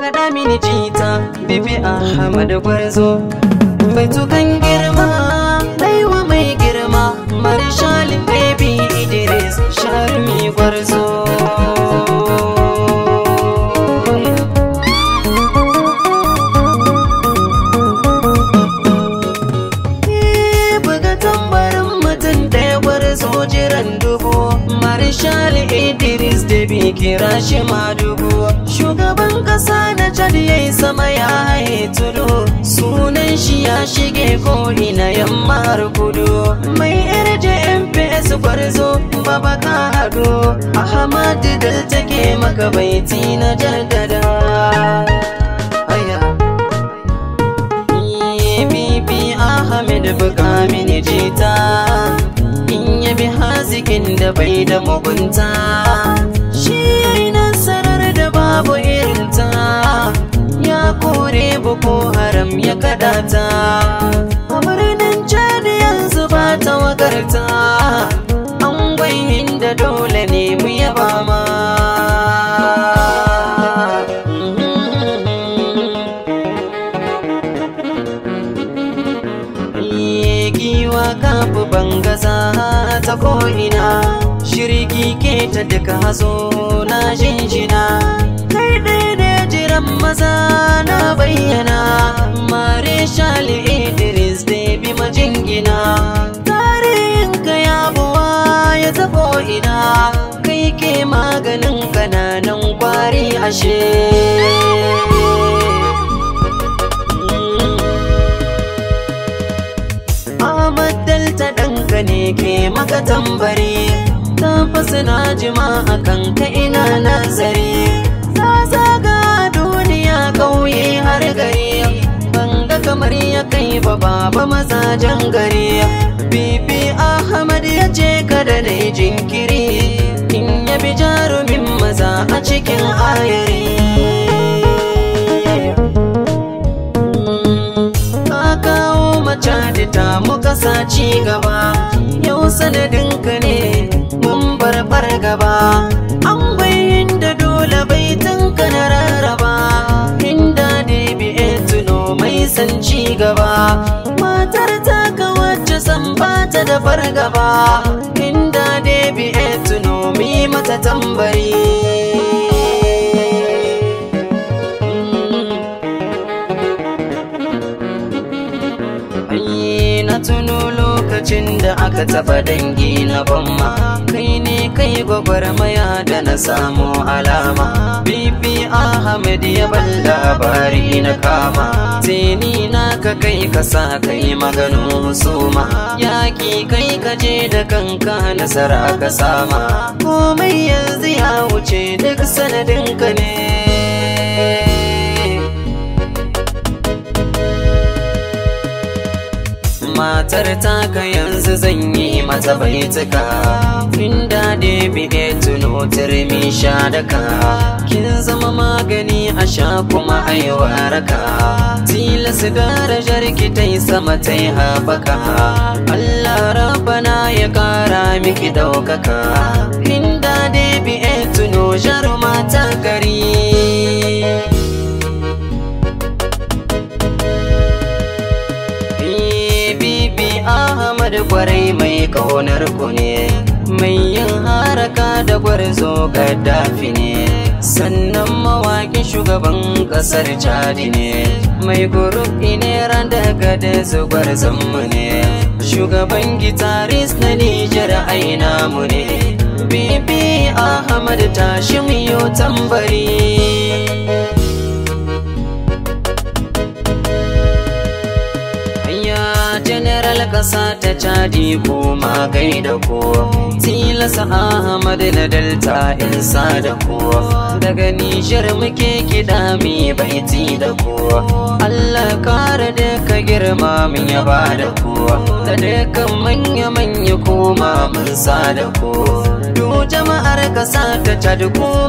kaɗa mini jita bibi ahmad gwarzo bai tukan girma baiwa mai girma marshalin baby idris sharmi gwarzo eh, Buga tambarin mutum gwarzo jiran Marshal kira shi madugu shugaban kasa na chad yayi sama ya haye tudu sunan shi ya shige koli na yamma kudu mai irje mps gwarzo baba ka hado ahmad dal take maka baiti na jaddada e Bukamini mini jita in yabi hazikin da bai da mugunta wadata a birnin can yanzu ba ta wakarta an gwayin da dole ne mu yaba ma Giwa banga bangaza ta ko'ina shirgi ke ta duka hazo na jinjin maza na bayyana Mare Shali Idris bi majingina Tarihin ka ya buwa ya tabo ina Kai ke maganin kananan kwari ashe Ahmad ɗanka ne ke maka tambari Tabbas na jima akan ka ina nazari ƙauye har gari ban ga kamar ya kai ba baba mazajen gari bibi ahmad ya je kada da jinkiri in ya bi jarumin maza a cikin ayari kawo macadi ta muka sa ci gaba yau sanadinka ne mun barbar gaba matar ta ga wacce san bata da fargaba inda dai biye mi mata tambari na tuno lokacin da aka taba dangi na ban ma kai gwagwarmaya da na samu alama bibi ahmed ya ban labari na kama zeni na ka kai ka sa kai maganin suma yaƙi kai ka je da kanka nasara ka sama komai yanzu ya wuce duk sanadin ka ne matar taka yanzu zan yi masa bai cika kin dade bide tuno turmi sha kin zama magani a sha kuma ai waraka tilas darajar ki tai sama yi haɓaka Allah rabana ya kara miki ɗaukaka da kwarai mai kaunar ku ne mai yin haraka da gwarzo gaddafi ne sannan mawakin shugaban kasar chadi ne mai gurubi ne ran daga da zubar zammu ne shugaban gitaris na nijar aina mu ne bibi ahmad tashi miyo tambari la kasa ta cadi ma gai da kowa Tilasa Ahmad na Delta sa da kowa Daga Nijar muke kida mi baiti da kowa Allah kare da ka girma min ya ba da kowa Da dukkan manya-manya ma mun sa da kowa Du jama'ar kasa ta cadi ko